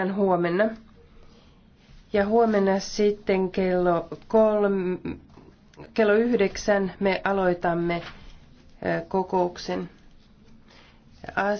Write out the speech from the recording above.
tämän huomenna. Ja huomenna sitten kello, kolme, kello yhdeksän me aloitamme kokouksen.